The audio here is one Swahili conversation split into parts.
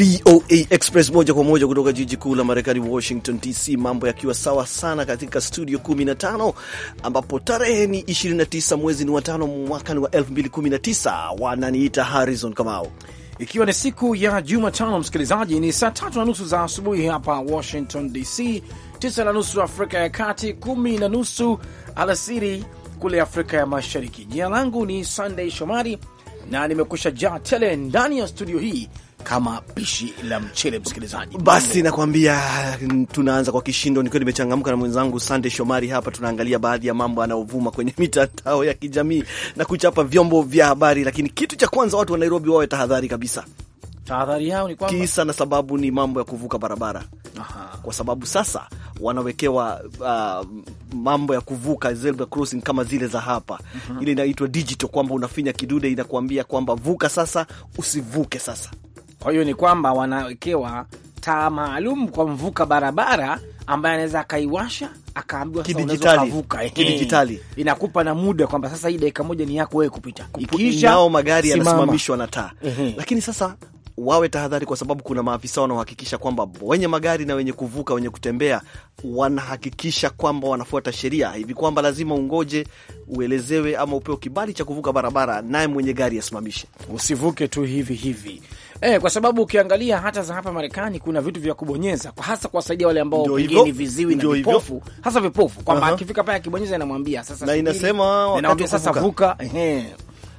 VOA Express moja kwa moja kutoka jiji kuu la Marekani, Washington DC, mambo yakiwa sawa sana katika studio 15 ambapo tarehe ni 29 mwezi ni watano mwakani wa 2019. Wananiita Harrison Kamau, ikiwa ni siku ya Jumatano msikilizaji, ni saa tatu na nusu za asubuhi hapa Washington DC, tisa na nusu Afrika ya Kati, kumi na nusu alasiri kule Afrika ya Mashariki. Jina langu ni Sunday Shomari na nimekusha jaa tele ndani ya studio hii kama pishi la mchele. Msikilizaji, basi nakwambia tunaanza kwa kishindo, nikiwa nimechangamka na mwenzangu Sande Shomari. Hapa tunaangalia baadhi ya mambo yanayovuma kwenye mitandao ya kijamii na kuchapa vyombo vya habari, lakini kitu cha kwanza, watu wa Nairobi wawe tahadhari kabisa. Tahadhari yao ni kwamba kisa na sababu ni mambo ya kuvuka barabara. Aha. Kwa sababu sasa wanawekewa uh, mambo ya kuvuka zebra crossing kama zile za hapa uh mhm. -huh. Ile inaitwa digital kwamba unafinya kidude inakuambia kwamba vuka sasa, usivuke sasa kwa hiyo ni kwamba wanawekewa taa maalum kwa mvuka barabara ambaye anaweza akaiwasha akaambiwa kavuka, eh, eh, kidijitali inakupa na muda kwamba sasa hii dakika moja ni yako wewe kupita. Ikiisha nao magari yanasimamishwa na taa, lakini sasa wawe tahadhari, kwa sababu kuna maafisa wanaohakikisha kwamba wenye magari na wenye kuvuka, wenye kutembea wanahakikisha kwamba wanafuata sheria, hivi kwamba lazima ungoje uelezewe ama upewe kibali cha kuvuka barabara, naye mwenye gari asimamishe, usivuke tu hivi hivi. Eh, kwa sababu ukiangalia hata za hapa Marekani kuna vitu vya kubonyeza kwa hasa kuwasaidia wale ambao wengine ni viziwi na vipofu, hasa vipofu, kwamba uh -huh. akifika pale akibonyeza inamwambia sasa, na inasema wakati sasa vuka, ehe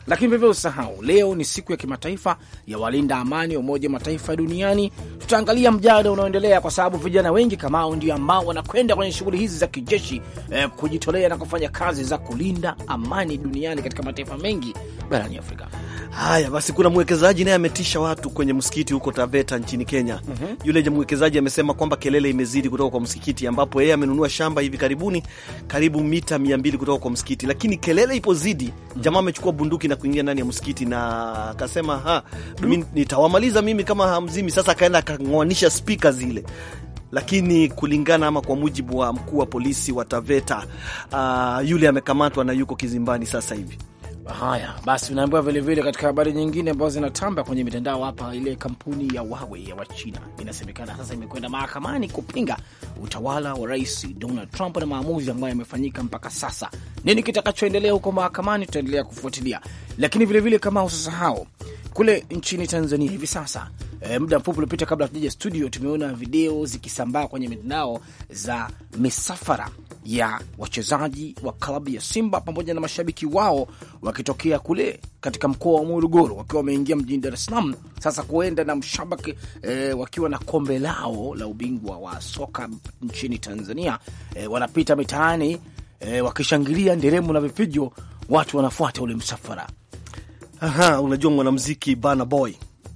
lakini vivyo usahau, leo ni siku ya kimataifa ya walinda amani ya Umoja wa Mataifa duniani. Tutaangalia mjadala unaoendelea kwa sababu vijana wengi kamao ndio ambao wanakwenda kwenye shughuli hizi za kijeshi eh, kujitolea na kufanya kazi za kulinda amani duniani katika mataifa mengi barani Afrika. Haya basi, kuna mwekezaji naye ametisha watu kwenye msikiti huko Taveta nchini Kenya. mm -hmm. Yule mwekezaji amesema kwamba kelele imezidi kutoka kwa msikiti, ambapo yeye amenunua shamba hivi karibuni karibu mita mia mbili kutoka kwa msikiti, lakini kelele ipo zidi. mm -hmm. Jamaa amechukua bunduki na kuingia ndani ya msikiti na akasema ha, mm -hmm. nitawamaliza mimi kama hamzimi. Sasa akaenda akang'oanisha spika zile lakini kulingana ama kwa mujibu wa mkuu wa polisi wa Taveta, uh, yule amekamatwa na yuko kizimbani sasa hivi. Haya basi, unaambiwa vilevile katika habari nyingine ambazo zinatamba kwenye mitandao hapa, ile kampuni ya Huawei ya Wachina inasemekana sasa imekwenda mahakamani kupinga utawala wa Rais Donald Trump na maamuzi ambayo yamefanyika mpaka sasa. Nini kitakachoendelea huko mahakamani, tutaendelea kufuatilia, lakini vilevile kama usisahau kule nchini Tanzania hivi sasa e, muda mfupi uliopita kabla hatujaja studio, tumeona video zikisambaa kwenye mitandao za misafara ya wachezaji wa klabu ya Simba pamoja na mashabiki wao wakitokea kule katika mkoa wa Morogoro wakiwa wameingia mjini Dar es Salaam, sasa kuenda na mshabiki e, wakiwa na kombe lao la ubingwa wa soka nchini Tanzania e, wanapita mitaani e, wakishangilia nderemu na vipijo, watu wanafuata ule msafara. Aha, unajua mwanamuziki Burna Boy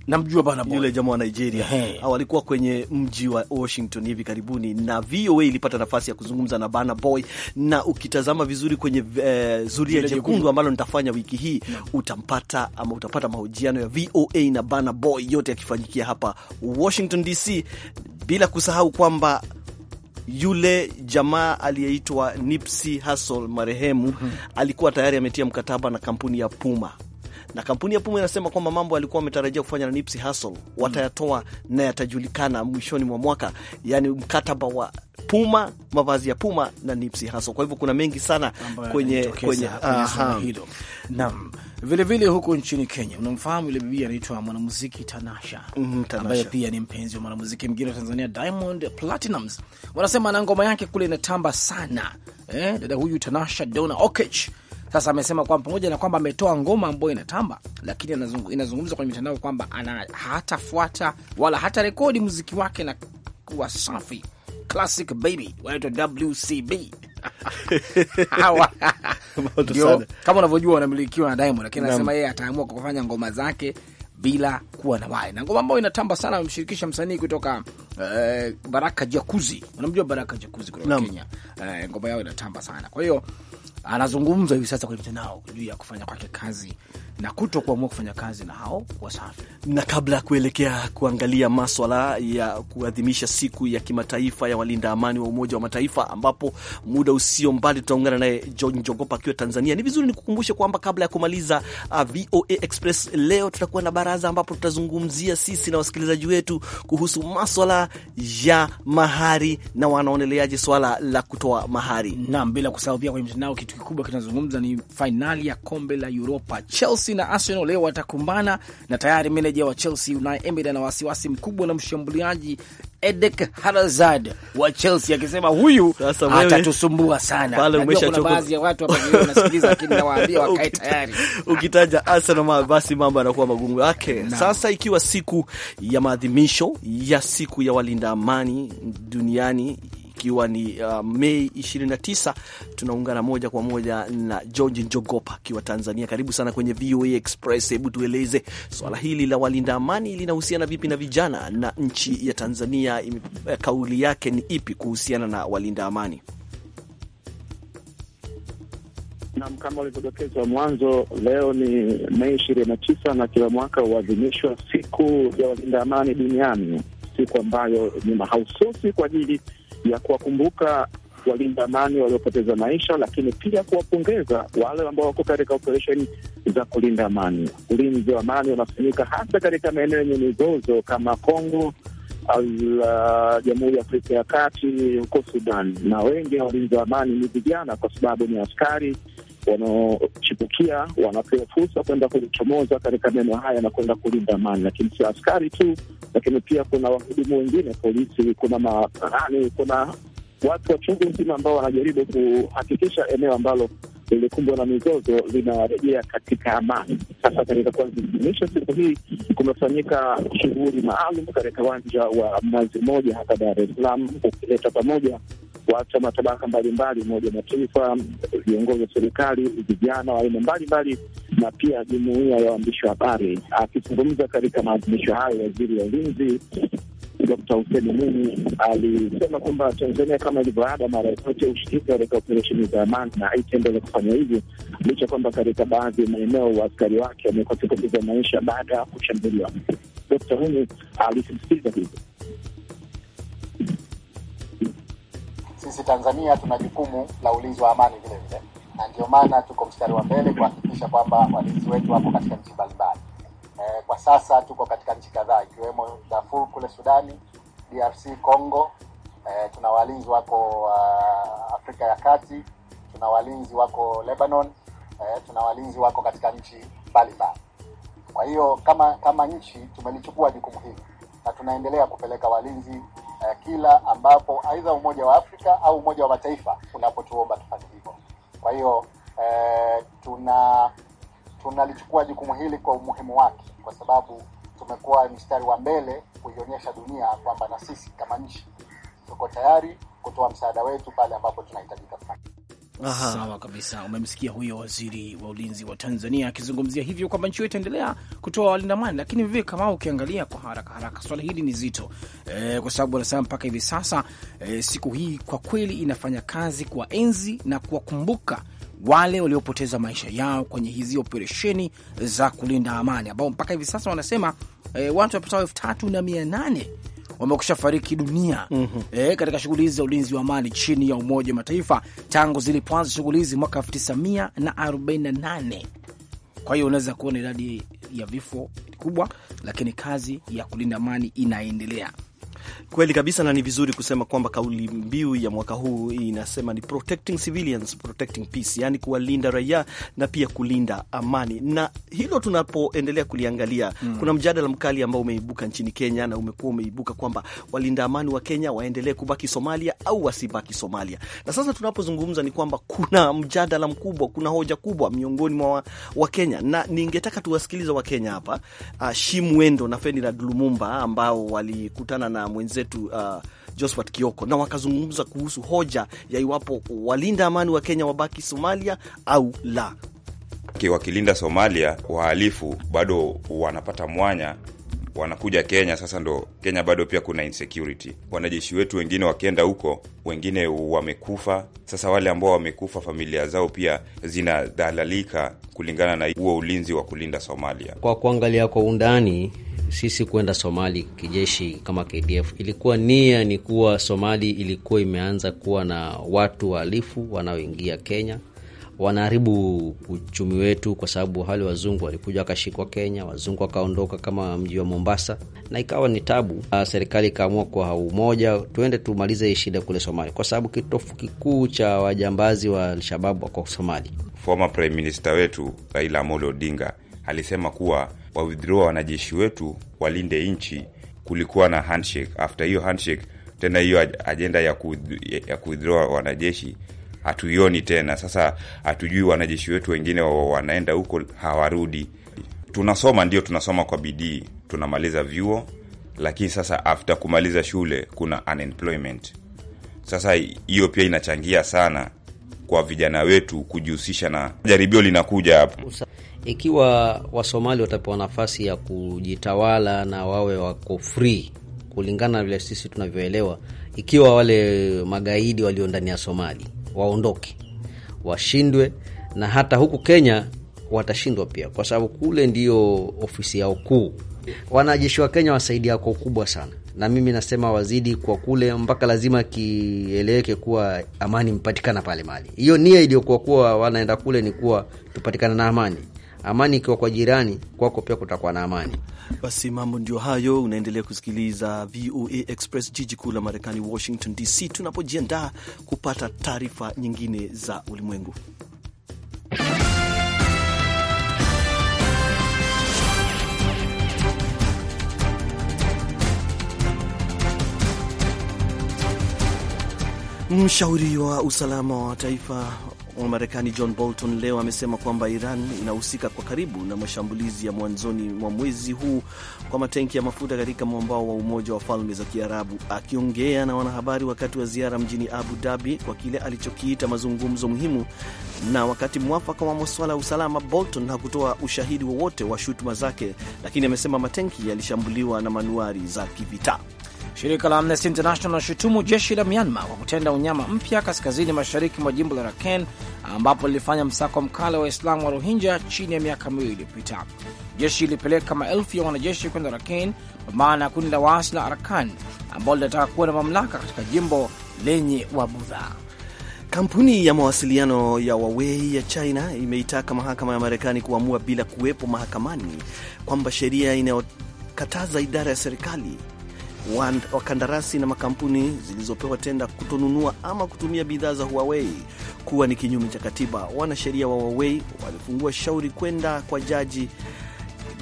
namjua bana boy yule jamaa wa Nigeria au alikuwa kwenye mji wa Washington hivi karibuni, na VOA ilipata nafasi ya kuzungumza na bana boy, na ukitazama vizuri kwenye eh, zulia jekundu ambalo nitafanya wiki hii utampata ama utapata mahojiano ya VOA na bana boy, yote yakifanyikia hapa Washington DC, bila kusahau kwamba yule jamaa aliyeitwa Nipsey Hussle marehemu, mm -hmm. alikuwa tayari ametia mkataba na kampuni ya Puma na kampuni ya Puma inasema kwamba mambo alikuwa wametarajia kufanya na Nipsey Hussle watayatoa na yatajulikana mwishoni mwa mwaka, yani mkataba wa Puma, mavazi ya Puma na Nipsey Hussle. Kwa hivyo kuna mengi sana Mamba kwenye kwenye hilo. Naam, vile vile huko nchini Kenya unamfahamu yule bibi anaitwa mwanamuziki Tanasha, mm -hmm, ambaye pia ni mpenzi wa mwanamuziki mwingine wa Tanzania Diamond Platinums. Wanasema na ngoma yake kule inatamba sana eh, dada huyu Tanasha Donna Okech okay. Sasa amesema kwamba pamoja na kwamba ametoa ngoma ambayo inatamba, lakini inazungumza kwenye mitandao kwamba ana hatafuata wala hata rekodi muziki wake na kuwa safi classic baby, wanaitwa WCB hawa kama unavyojua wanamilikiwa na Diamond, lakini anasema yeye ataamua kufanya ngoma zake bila kuwa na wale na ngoma ambayo inatamba sana. Amemshirikisha msanii kutoka uh, Baraka Jakuzi. Unamjua Baraka Jakuzi kutoka Kenya? Uh, ngoma yao inatamba sana, kwa hiyo anazungumzwa hivi sasa kwenye mtandao juu ya kufanya kwake kazi na kuto kuamua kufanya kazi na hao Wasafi. Na kabla ya kuelekea kuangalia maswala ya kuadhimisha siku ya kimataifa ya walinda amani wa Umoja wa Mataifa, ambapo muda usio mbali tutaungana naye John Jogopa akiwa Tanzania, ni vizuri nikukumbushe kwamba kabla ya kumaliza uh, VOA Express leo tutakuwa na baraza, ambapo tutazungumzia sisi na wasikilizaji wetu kuhusu maswala ya mahari na wanaoneleaje swala la kutoa mahari. Naam, bila kusahau pia kwenye mtandao, kitu kikubwa kinazungumza ni fainali ya kombe la Uropa Chelsea Chelsea na Arsenal leo watakumbana, na tayari meneja wa Chelsea Unai Emery ana wasiwasi mkubwa na mshambuliaji Edek Hazard wa Chelsea akisema huyu atatusumbua sana. Kuna baadhi ya watu wanasikiliza, lakini nawaambia wakae tayari. Ukitaja Arsenal basi mambo yanakuwa magumu yake. Sasa ikiwa siku ya maadhimisho ya siku ya walinda amani duniani ikiwa ni uh, Mei 29 tunaungana moja kwa moja na George Njogopa akiwa Tanzania. Karibu sana kwenye VOA Express. Hebu tueleze swala hili la walinda amani linahusiana vipi na vijana na nchi ya Tanzania? Eh, kauli yake ni ipi kuhusiana na walinda amani? Nam, kama ulivyodokezwa mwanzo, leo ni Mei ishirini na tisa na kila mwaka huadhimishwa siku ya walinda amani duniani, siku ambayo ni mahususi kwa ajili ya kuwakumbuka walinda amani waliopoteza maisha, lakini pia kuwapongeza wale ambao wako katika operesheni za kulinda amani. Ulinzi wa amani unafanyika hasa katika maeneo yenye mizozo kama Kongo, uh, Jamhuri ya Afrika ya Kati, huko Sudan, na wengi wa walinzi wa amani ni vijana, kwa sababu ni askari wanaochipukia wanapewa fursa kwenda kulichomoza katika maeneo haya na kwenda kulinda amani, lakini sio askari tu, lakini pia kuna wahudumu wengine, polisi, kuna maarani, kuna watu wa chungu nzima ambao wanajaribu kuhakikisha eneo ambalo lilikumbwa na mizozo linarejea katika amani. Sasa katika kuadhimisha siku hii kumefanyika shughuli maalum katika uwanja wa Mnazi Mmoja hapa Dar es Salaam, ukileta pamoja watu wa matabaka mbalimbali, Umoja wa Mataifa, viongozi wa serikali, vijana wa aina mbalimbali na pia jumuia ya waandishi wa habari. Akizungumza katika maadhimisho hayo, waziri wa ulinzi Dr. Hussein Mwinyi alisema kwamba Tanzania kama ilivyoada mara yote ushirika katika operesheni za amani na haitaendelea kufanya hivyo, licha kwamba katika baadhi ya maeneo waaskari wake wamekuwa kupoteza maisha baada ya kushambuliwa. Dr. Mwinyi alisisitiza hivyo. Sisi Tanzania tuna jukumu la ulinzi wa amani vile vile, na ndio maana tuko mstari wa mbele kuhakikisha kwamba walinzi wetu wapo katika nchi mbalimbali eh, kwa sasa tuko katika nchi kadhaa ikiwemo Darfur kule Sudani, DRC Congo. Eh, tuna walinzi wako uh, Afrika ya Kati, tuna walinzi wako Lebanon, eh, tuna walinzi wako katika nchi mbalimbali. Kwa hiyo kama kama nchi tumelichukua jukumu hili na tunaendelea kupeleka walinzi eh, kila ambapo aidha Umoja wa Afrika au Umoja wa Mataifa unapotuomba tufanye hivyo. Kwa hiyo eh, tuna tunalichukua jukumu hili kwa umuhimu wake, kwa sababu tumekuwa mstari wa mbele kuionyesha dunia kwamba na sisi kama nchi tuko tayari kutoa msaada wetu pale ambapo tunahitajika kufanya. Aha. Sawa kabisa, umemsikia huyo waziri wa ulinzi wa Tanzania akizungumzia hivyo kwamba nchi hiyo itaendelea kutoa walinda amani, lakini vivi kama ukiangalia kwa haraka haraka swala hili ni zito e, kwa sababu wanasema mpaka hivi sasa e, siku hii kwa kweli inafanya kazi kuwaenzi na kuwakumbuka wale waliopoteza maisha yao kwenye hizi operesheni za kulinda amani, ambao mpaka hivi sasa wanasema e, watu wapatao elfu tatu na mia nane wamekusha fariki dunia mm -hmm. E, katika shughuli hizi za ulinzi wa amani chini ya Umoja wa Mataifa tangu zilipoanza shughuli hizi mwaka 1948. Kwa hiyo unaweza kuona idadi ya vifo kubwa, lakini kazi ya kulinda amani inaendelea. Kweli kabisa, na ni vizuri kusema kwamba kauli mbiu ya mwaka huu inasema ni protecting civilians, protecting peace, yani kuwalinda raia na pia kulinda amani. Na hilo tunapoendelea kuliangalia mm, kuna mjadala mkali ambao umeibuka nchini Kenya na umekuwa umeibuka kwamba walinda amani wa Kenya waendelee kubaki Somalia au wasibaki Somalia. Na sasa tunapozungumza ni kwamba kuna mjadala mkubwa, kuna hoja kubwa miongoni mwa Wakenya wa na ningetaka tuwasikiliza Wakenya hapa, uh, Shimwendo na Ferdinand Dulumumba ambao walikutana na mwenzetu uh, Josphat Kioko, na wakazungumza kuhusu hoja ya iwapo walinda amani wa Kenya wabaki Somalia au la. Wakilinda Somalia, wahalifu bado wanapata mwanya wanakuja Kenya. Sasa ndo Kenya bado pia kuna insecurity. Wanajeshi wetu wengine wakienda huko, wengine wamekufa. Sasa wale ambao wamekufa, familia zao pia zinadhalalika kulingana na huo ulinzi wa kulinda Somalia. Kwa kuangalia kwa undani, sisi kwenda Somali kijeshi kama KDF, ilikuwa nia ni kuwa Somali ilikuwa imeanza kuwa na watu wahalifu wanaoingia Kenya wanaharibu uchumi wetu, kwa sababu hali wazungu walikuja wakashikwa Kenya, wazungu wakaondoka kama mji wa Mombasa, na ikawa ni tabu. Ah, serikali ikaamua kwa umoja, tuende tumalize hii shida kule Somali, kwa sababu kitofu kikuu cha wajambazi wa Alshababu wako Somali. Former Prime Minister wetu Raila Amolo Odinga alisema kuwa wawidhiriwa wanajeshi wetu walinde nchi, kulikuwa na handshake. After hiyo handshake tena hiyo ajenda ya kuwidhiriwa wanajeshi hatuioni tena. Sasa hatujui wanajeshi wetu wengine wanaenda huko hawarudi. Tunasoma, ndio tunasoma kwa bidii, tunamaliza vyuo, lakini sasa after kumaliza shule kuna unemployment. Sasa hiyo pia inachangia sana kwa vijana wetu kujihusisha na jaribio linakuja hapo ikiwa Wasomali watapewa nafasi ya kujitawala na wawe wako free kulingana na vile sisi tunavyoelewa, ikiwa wale magaidi walio ndani ya Somali waondoke, washindwe, na hata huku Kenya watashindwa pia, kwa sababu kule ndio ofisi yao kuu. Wanajeshi wa Kenya wasaidia wako kubwa sana, na mimi nasema wazidi kwa kule, mpaka lazima kieleweke kuwa amani mpatikana pale Mali. Hiyo nia iliyokuwa kuwa wanaenda kule ni kuwa tupatikana na amani amani ikiwa kwa jirani, kwako pia kutakuwa na amani. Basi mambo ndio hayo. Unaendelea kusikiliza VOA Express, jiji kuu la Marekani, Washington DC, tunapojiandaa kupata taarifa nyingine za ulimwengu. Mshauri wa usalama wa taifa wa Marekani John Bolton leo amesema kwamba Iran inahusika kwa karibu na mashambulizi ya mwanzoni mwa mwezi huu kwa matenki ya mafuta katika mwambao wa Umoja wa Falme za Kiarabu. Akiongea na wanahabari wakati wa ziara mjini Abu Dhabi kwa kile alichokiita mazungumzo muhimu na wakati mwafaka wa masuala ya usalama, Bolton hakutoa ushahidi wowote wa, wa shutuma zake, lakini amesema matenki yalishambuliwa na manuari za kivita. Shirika la Amnesty International linashutumu jeshi la Myanmar kwa kutenda unyama mpya kaskazini mashariki mwa jimbo la Rakhine ambapo lilifanya msako mkali wa Waislamu wa Rohingya chini ya miaka miwili iliyopita. Jeshi lilipeleka maelfu ya wanajeshi kwenda Rakhine maana ya kundi la waasi la Arakan ambao linataka kuwa na mamlaka katika jimbo lenye wabudha. Kampuni ya mawasiliano ya Huawei ya China imeitaka mahakama ya Marekani kuamua bila kuwepo mahakamani kwamba sheria inayokataza idara ya serikali wakandarasi na makampuni zilizopewa tenda kutonunua ama kutumia bidhaa za Huawei kuwa ni kinyume cha katiba. Wanasheria wa Huawei walifungua shauri kwenda kwa jaji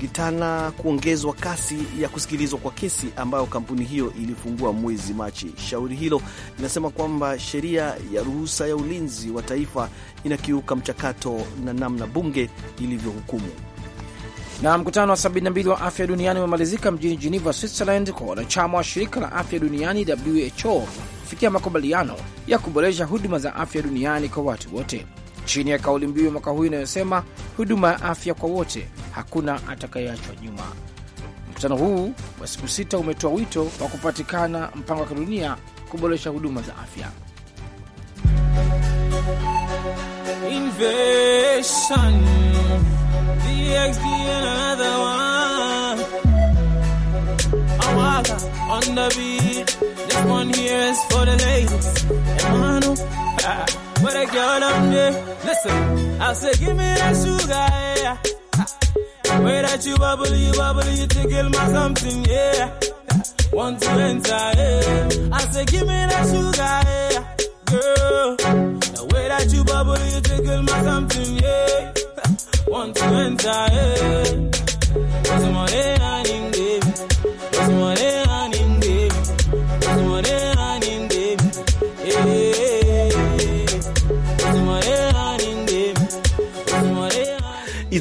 Gitana kuongezwa kasi ya kusikilizwa kwa kesi ambayo kampuni hiyo ilifungua mwezi Machi. Shauri hilo linasema kwamba sheria ya ruhusa ya ulinzi wa taifa inakiuka mchakato na namna bunge ilivyohukumu. Na mkutano wa 72 wa afya duniani umemalizika mjini Geneva, Switzerland, kwa wanachama wa shirika la afya duniani WHO kufikia makubaliano ya kuboresha huduma za afya duniani kwa watu wote chini ya kauli mbiu ya mwaka huu inayosema huduma ya afya kwa wote, hakuna atakayeachwa nyuma. Mkutano huu wa siku sita umetoa wito wa kupatikana mpango wa kidunia kuboresha huduma za afya. Invasion. TXT and another one. I'm Waka on the beat. This one here is for the ladies. And Manu, ah, what a girl I'm there. Listen, I say give me that sugar, yeah. Ah, way that you bubble, you bubble, you tickle my something, yeah. Want ah, to enter, yeah. I say give me that sugar, yeah. Girl, the way that you bubble, you tickle my something, yeah once went eh, I,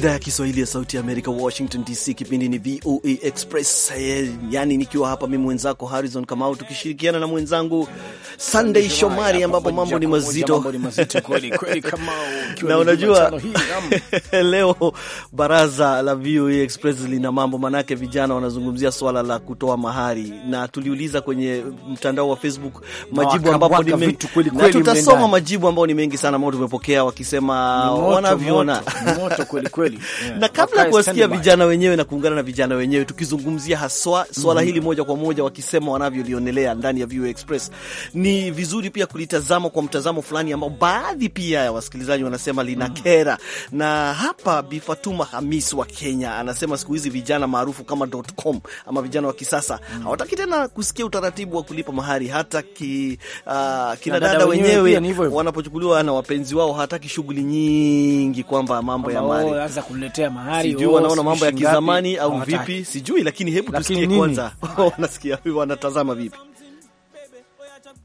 idhaa ya Kiswahili ya Sauti ya Amerika, Washington DC. Kipindi ni VOA Express, yani nikiwa hapa mimi mwenzako Harrison Kamau, tukishirikiana na mwenzangu Sunday Shomari, ambapo mambo ni mazito na unajua leo baraza la VOA Express lina mambo manake, vijana wanazungumzia swala la kutoa mahari, na tuliuliza kwenye mtandao wa Facebook majibu, ambapo tutasoma majibu ambayo ni mengi sana ambao tumepokea wakisema wanavyoona kweli kweli kweli Na kabla ya kuwasikia vijana wenyewe na kuungana na vijana wenyewe tukizungumzia haswa swala mhm. hili moja kwa moja wakisema wanavyolionelea ndani ya VOA Express, ni vizuri pia kulitazama kwa mtazamo fulani ambao baadhi pia ya wasikilizaji wanasema lina kera mhm. Na hapa Bifatuma Hamis wa Kenya anasema siku hizi vijana maarufu kama .com ama vijana wa kisasa mhm. hawataki tena kusikia utaratibu wa kulipa mahari hata ki, uh, kina dada wenyewe wanapochukuliwa na wapenzi wao hawataki shughuli nyingi kwamba mambo ya mali kuletea mahari. Sijui oh, wanaona mambo ya kizamani au vipi, sijui, lakini hebu tusikie kwanza wanasikia oh, wanatazama vipi.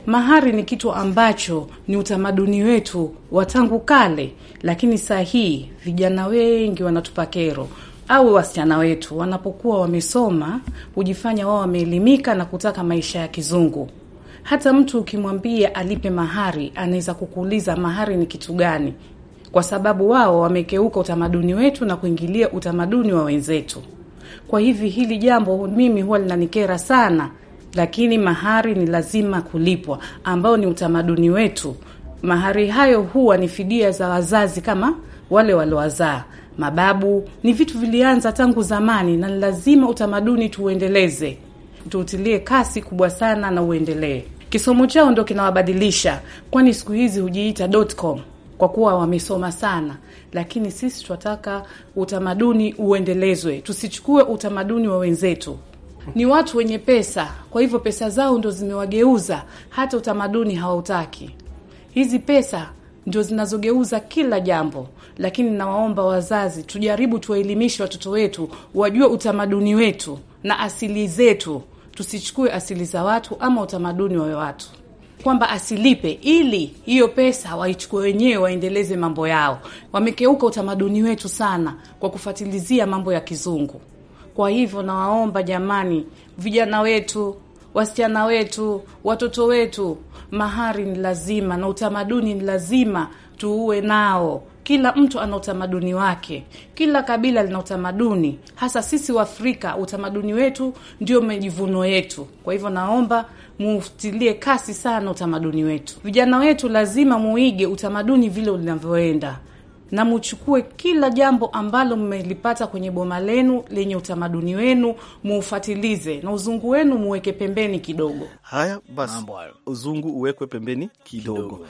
Mahari ni kitu ambacho ni utamaduni wetu wa tangu kale, lakini saa hii vijana wengi wanatupa kero au wasichana wetu wanapokuwa wamesoma hujifanya wao wameelimika na kutaka maisha ya kizungu. Hata mtu ukimwambia alipe mahari, anaweza kukuuliza mahari ni kitu gani? kwa sababu wao wamekeuka utamaduni wetu na kuingilia utamaduni wa wenzetu. Kwa hivi hili jambo mimi huwa linanikera sana, lakini mahari ni lazima kulipwa, ambao ni utamaduni wetu. Mahari hayo huwa ni fidia za wazazi kama wale waliowazaa mababu. Ni vitu vilianza tangu zamani, na ni lazima utamaduni tuuendeleze, tuutilie kasi kubwa sana na uendelee. Kisomo chao ndo kinawabadilisha, kwani siku hizi hujiita com kwa kuwa wamesoma sana, lakini sisi tunataka utamaduni uendelezwe, tusichukue utamaduni wa wenzetu. Ni watu wenye pesa, kwa hivyo pesa zao ndo zimewageuza, hata utamaduni hawautaki. Hizi pesa ndio zinazogeuza kila jambo, lakini nawaomba wazazi, tujaribu tuwaelimishe watoto wetu wajue utamaduni wetu na asili zetu, tusichukue asili za watu ama utamaduni wa watu kwamba asilipe ili hiyo pesa waichukue wenyewe waendeleze mambo yao. Wamekeuka utamaduni wetu sana kwa kufatilizia mambo ya kizungu. Kwa hivyo nawaomba jamani, vijana wetu, wasichana wetu, watoto wetu, mahari ni lazima na utamaduni ni lazima tuuwe nao. Kila mtu ana utamaduni wake, kila kabila lina utamaduni. Hasa sisi Waafrika, utamaduni wetu ndio majivuno yetu. Kwa hivyo naomba mutilie kasi sana utamaduni wetu. Vijana wetu lazima muige utamaduni vile unavyoenda na muchukue kila jambo ambalo mmelipata kwenye boma lenu lenye utamaduni wenu, muufatilize na uzungu wenu muweke pembeni kidogo. Haya basi, uzungu uwekwe pembeni kidogo, kidogo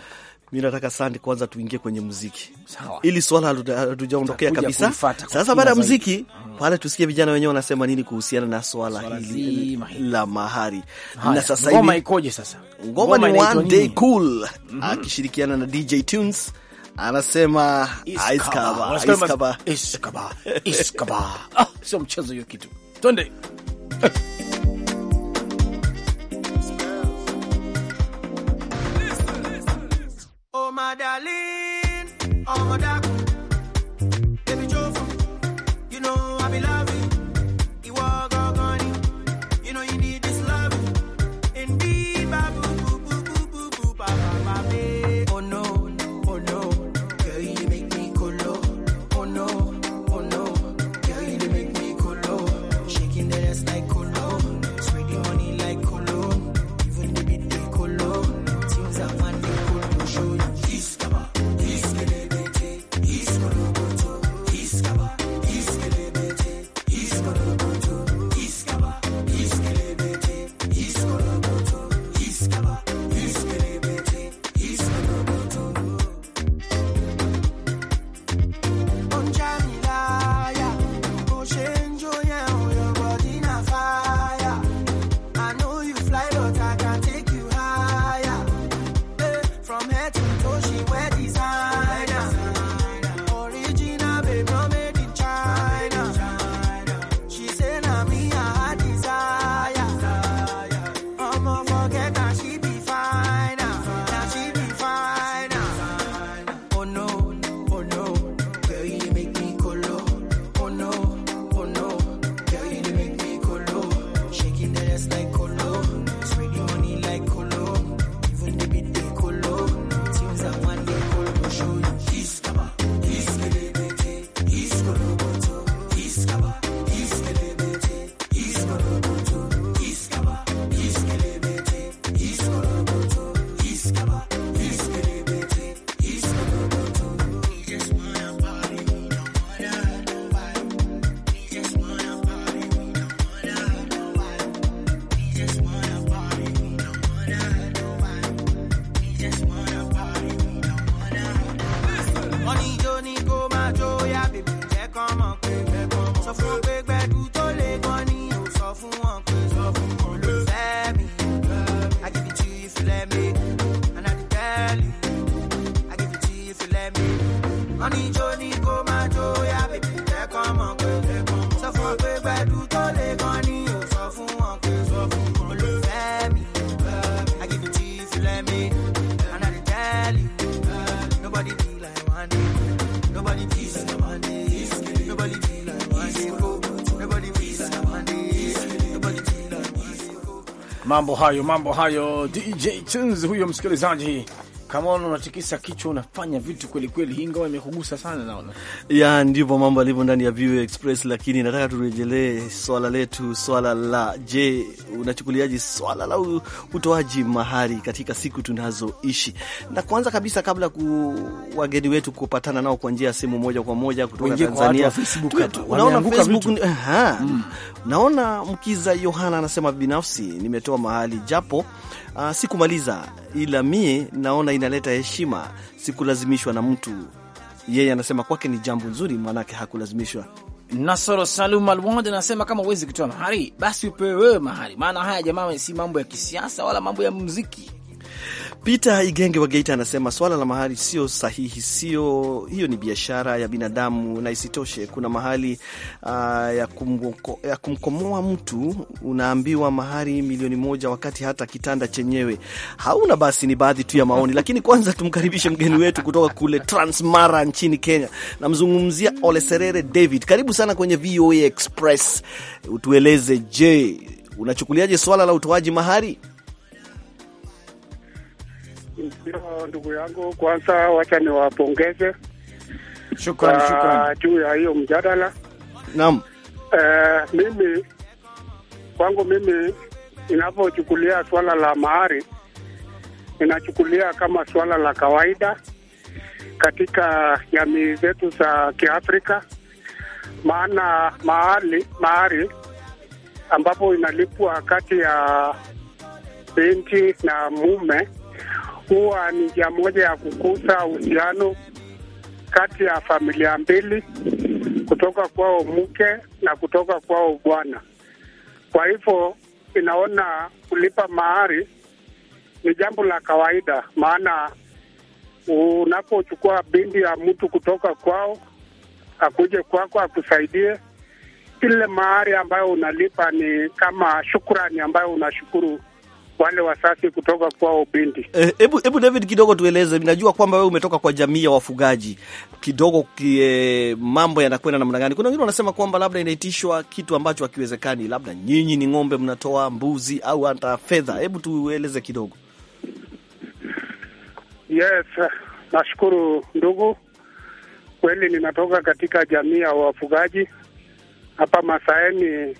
mi nataka sande kwanza tuingie kwenye muziki sawa. Ili swala hatujaondokea kabisa. Sasa baada ya muziki mm. pale, tusikie vijana wenyewe wanasema nini kuhusiana na swala, hili la mahari. Na sasa hivi ngoma ikoje? Sasa ngoma ni one day cool mm -hmm. akishirikiana na DJ Tunes anasema iskaba iskaba iskaba iskaba, sio mchezo hiyo kitu, twende darling. Oh, darling. Mambo hayo mambo hayo, DJ Chins huyo msikilizaji kama unatikisa kichwa unafanya vitu kweli kweli, hii ngoma imekugusa sana, naona ya ndivyo mambo yalivyo ndani ya VOA Express. Lakini nataka turejelee swala letu, swala la je, unachukuliaje swala la utoaji mahari katika siku tunazoishi? Na kwanza kabisa, kabla ku wageni wetu kupatana nao kwa njia ya simu moja kwa moja kutoka Wengi Tanzania, unaona Facebook, ha, mm. naona mkiza Yohana anasema binafsi nimetoa mahali japo Uh, sikumaliza ila mie naona inaleta heshima, sikulazimishwa na mtu. Yeye anasema kwake ni jambo nzuri, maanake hakulazimishwa. Nasoro Salum Alwad anasema kama huwezi kutoa mahari, basi upewe wewe mahari, maana haya jamaa si mambo ya kisiasa wala mambo ya muziki Peter Igenge wa Geita anasema swala la mahali sio sahihi, sio hiyo, ni biashara ya binadamu, na isitoshe kuna mahali uh, ya, kumko, ya kumkomoa mtu unaambiwa mahari milioni moja, wakati hata kitanda chenyewe hauna. Basi ni baadhi tu ya maoni, lakini kwanza tumkaribishe mgeni wetu kutoka kule Transmara nchini Kenya. Namzungumzia Ole Serere David. Karibu sana kwenye VOA Express, utueleze, je, unachukuliaje swala la utoaji mahari? Ndio ndugu yangu, kwanza wacha niwapongeze shukran, shukran juu ya hiyo mjadala. Naam. Uh, mimi kwangu mimi inavyochukulia swala la mahari inachukulia kama swala la kawaida katika jamii zetu za Kiafrika, maana mahali mahari ambapo inalipwa kati ya binti na mume kuwa ni njia moja ya kukuza uhusiano kati ya familia mbili, kutoka kwao mke na kutoka kwao bwana. Kwa hivyo inaona kulipa mahari ni jambo la kawaida, maana unapochukua binti ya mtu kutoka kwao akuje kwako akusaidie, ile mahari ambayo unalipa ni kama shukrani ambayo unashukuru wale wasasi kutoka kwa Ubindi. Hebu eh, David kidogo tueleze, najua kwamba wewe umetoka kwa jamii ya wafugaji kidogo eh, mambo yanakwenda namna gani? Kuna wengine wanasema kwamba labda inaitishwa kitu ambacho hakiwezekani, labda nyinyi ni ng'ombe mnatoa mbuzi au hata fedha. Hebu tueleze kidogo. Yes, nashukuru ndugu. Kweli ninatoka katika jamii ya wafugaji hapa Masaeni.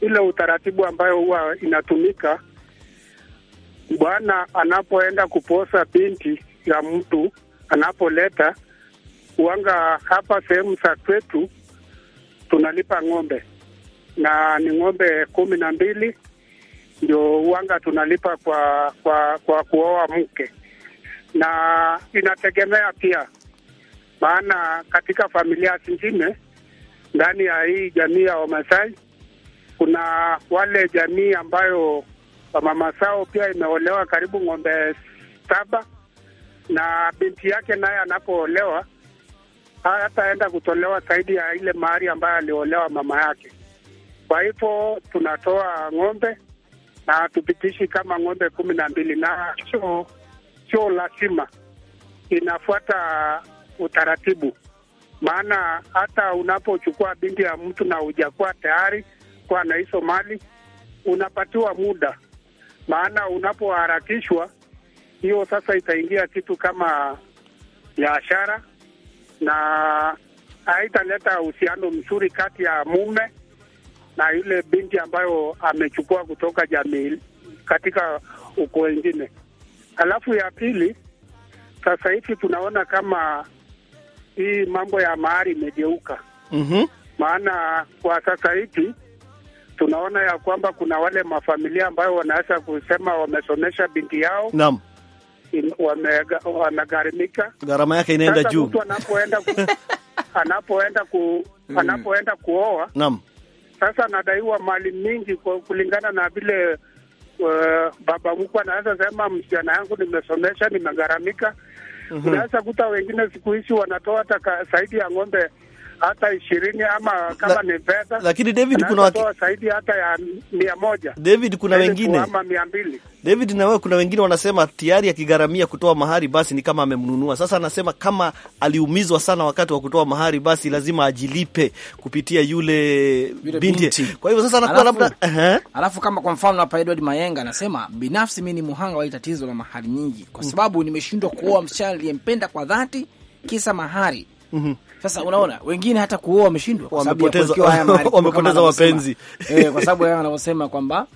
Ile utaratibu ambayo huwa inatumika bwana anapoenda kuposa binti ya mtu anapoleta wanga hapa sehemu za kwetu tunalipa ng'ombe na ni ng'ombe kumi na mbili ndio wanga tunalipa kwa kwa kwa kuoa mke, na inategemea pia, maana katika familia zingine ndani ya hii jamii ya Wamasai kuna wale jamii ambayo mama sao pia imeolewa karibu ng'ombe saba, na binti yake naye anapoolewa hataenda kutolewa zaidi ya ile mahari ambayo aliolewa mama yake. Kwa hivyo tunatoa ng'ombe na hatupitishi kama ng'ombe kumi na mbili, na sio sio lazima, inafuata utaratibu. Maana hata unapochukua binti ya mtu na hujakuwa tayari kuwa na hizo mali, unapatiwa muda maana unapoharakishwa hiyo sasa itaingia kitu kama biashara na haitaleta uhusiano mzuri kati ya mume na yule binti ambayo amechukua kutoka jamii katika uko wengine. Alafu ya pili, sasa hivi tunaona kama hii mambo ya mahari imegeuka. mm -hmm. Maana kwa sasa hivi tunaona ya kwamba kuna wale mafamilia ambayo wanaweza kusema wamesomesha binti yao naam, wamegharimika, gharama yake inaenda juu anapoenda ku, anapoenda ku, mm. anapoenda kuoa naam, sasa anadaiwa mali mingi kulingana na vile Uh, baba mkwe anaweza sema msichana yangu nimesomesha, nimegharamika. mm -hmm. Unaweza kuta wengine siku hizi wanatoa hata zaidi ya ng'ombe hata ishirini ama kama la, ni fedha. Lakini David, kuna watu zaidi hata ya mia moja David, kuna wengine ama mia mbili David, na wewe kuna wengine wanasema tayari akigharamia kutoa mahari basi ni kama amemnunua. Sasa anasema kama aliumizwa sana wakati wa kutoa mahari basi lazima ajilipe kupitia yule binti. binti. Kwa hivyo sasa anakuwa labda uh -huh. Alafu kama kwa mfano hapa Edward Mayenga anasema binafsi mimi ni muhanga wa tatizo la mahari nyingi kwa mm. sababu nimeshindwa kuoa msichana niliyempenda kwa dhati kisa mahari. Mm -hmm. Sasa unaona wengine hata kuoa wameshindwa, wamepoteza wapenzi, eh, kwa sababu haya wanaosema kwamba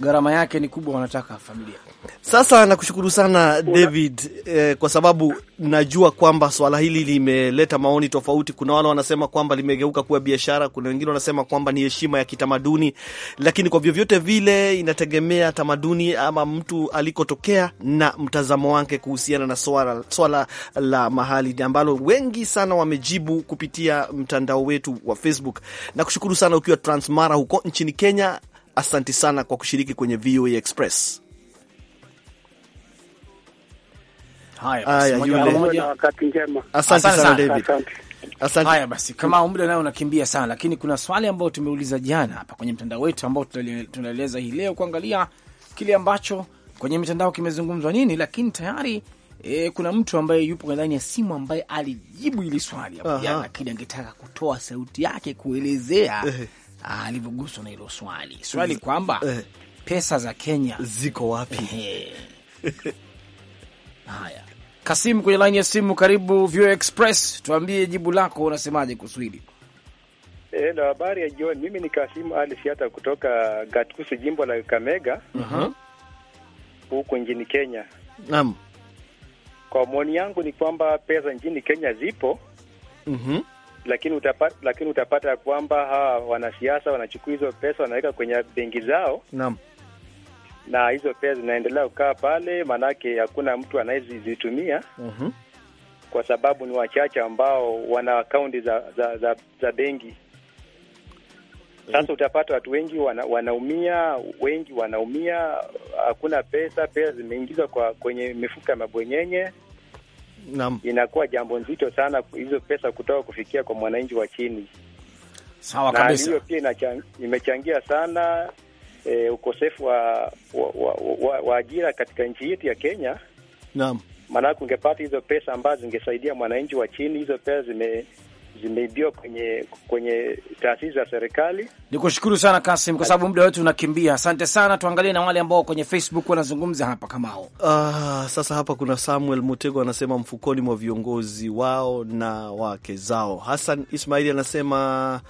gharama yake ni kubwa, wanataka familia. Sasa nakushukuru sana David eh, kwa sababu najua kwamba swala hili limeleta maoni tofauti. Kuna wale wanasema kwamba limegeuka kuwa biashara, kuna wengine wanasema kwamba ni heshima ya kitamaduni, lakini kwa vyovyote vile inategemea tamaduni ama mtu alikotokea na mtazamo wake kuhusiana na swala, swala la mahali ambalo wengi sana wamejibu kupitia mtandao wetu wa Facebook. Nakushukuru sana ukiwa Transmara huko nchini Kenya. Asanti sana kwa kushiriki kwenye VOA Express. Haya moja, wakati njema, asante sana David. Asante. Haya basi, kama muda nayo unakimbia sana, lakini kuna swali ambayo tumeuliza jana hapa kwenye mtandao wetu ambao tunaeleza hii leo kuangalia kile ambacho kwenye mitandao kimezungumzwa nini, lakini tayari e, kuna mtu ambaye yupo ndani ya simu ambaye alijibu ili swali hapo jana, lakini angetaka kutoa sauti yake kuelezea eh. alivyoguswa na hilo swali. Swali kwamba eh. pesa za Kenya ziko wapi? Haya Kasim kwenye laini ya simu, karibu VOA Express, tuambie jibu lako, unasemaje kuhusu hili? E, eh, na habari ya jioni. Mimi ni Kasim Ali Siata kutoka Gatusi, jimbo la Kamega huku uh-huh, nchini Kenya. Naam, kwa maoni yangu ni kwamba pesa nchini Kenya zipo uh-huh, lakini utapata lakini utapata kwamba hawa wanasiasa wanachukua hizo pesa wanaweka kwenye benki zao. Naam na hizo fedha zinaendelea kukaa pale, maanake hakuna mtu anayezitumia mm -hmm. kwa sababu ni wachache ambao wana akaunti za za, za, za benki. Sasa utapata watu wengi wana, wanaumia wengi wanaumia, hakuna pesa, pesa zimeingizwa kwa kwenye mifuko ya mabwenyenye. Naam, inakuwa jambo nzito sana hizo pesa kutoka kufikia kwa mwananchi wa chini. Sawa kabisa, hiyo pia imechangia sana e, ukosefu wa, wa, wa, wa, wa ajira katika nchi yetu ya Kenya. Naam, maanake ungepata hizo pesa ambazo zingesaidia mwananchi wa chini, hizo pesa zime zimeibiwa kwenye kwenye taasisi za serikali. Ni kushukuru sana Kasim, kwa sababu muda wetu unakimbia. Asante sana, tuangalie na wale ambao kwenye Facebook wanazungumza hapa kama hao. Uh, sasa hapa kuna Samuel Mutego anasema mfukoni mwa viongozi wao na wake zao. Hassan Ismaili anasema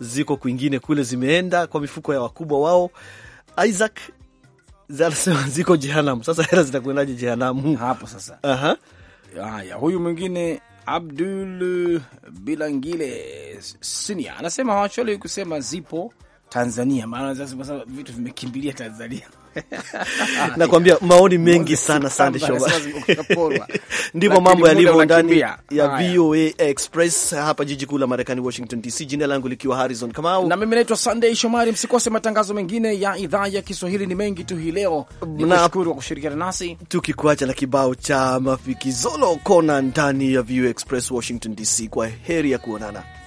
ziko kwingine kule, zimeenda kwa mifuko ya wakubwa wao. Isaac anasema ziko jehanamu. Sasa hela zitakuendaje jehanamu hapo sasa? Aha. Haya, huyu mwingine Abdul Bilangile Sinia anasema hawachole kusema zipo Tanzania, maana vitu vimekimbilia Tanzania nakwambia maoni mengi sana sana Shoba. Ndivyo mambo yalivyo ndani ya VOA Express hapa jiji kuu la Marekani, Washington DC. Jina langu likiwa Harrison Kamau na mimi naitwa sandey Shomari. Msikose matangazo mengine ya idhaa ya Kiswahili, ni mengi tu hii leo. nashukuru kwa kushirikiana nasi, tukikuacha na kibao cha Mafikizolo Kona ndani ya VOA Express Washington DC. Kwa heri ya kuonana.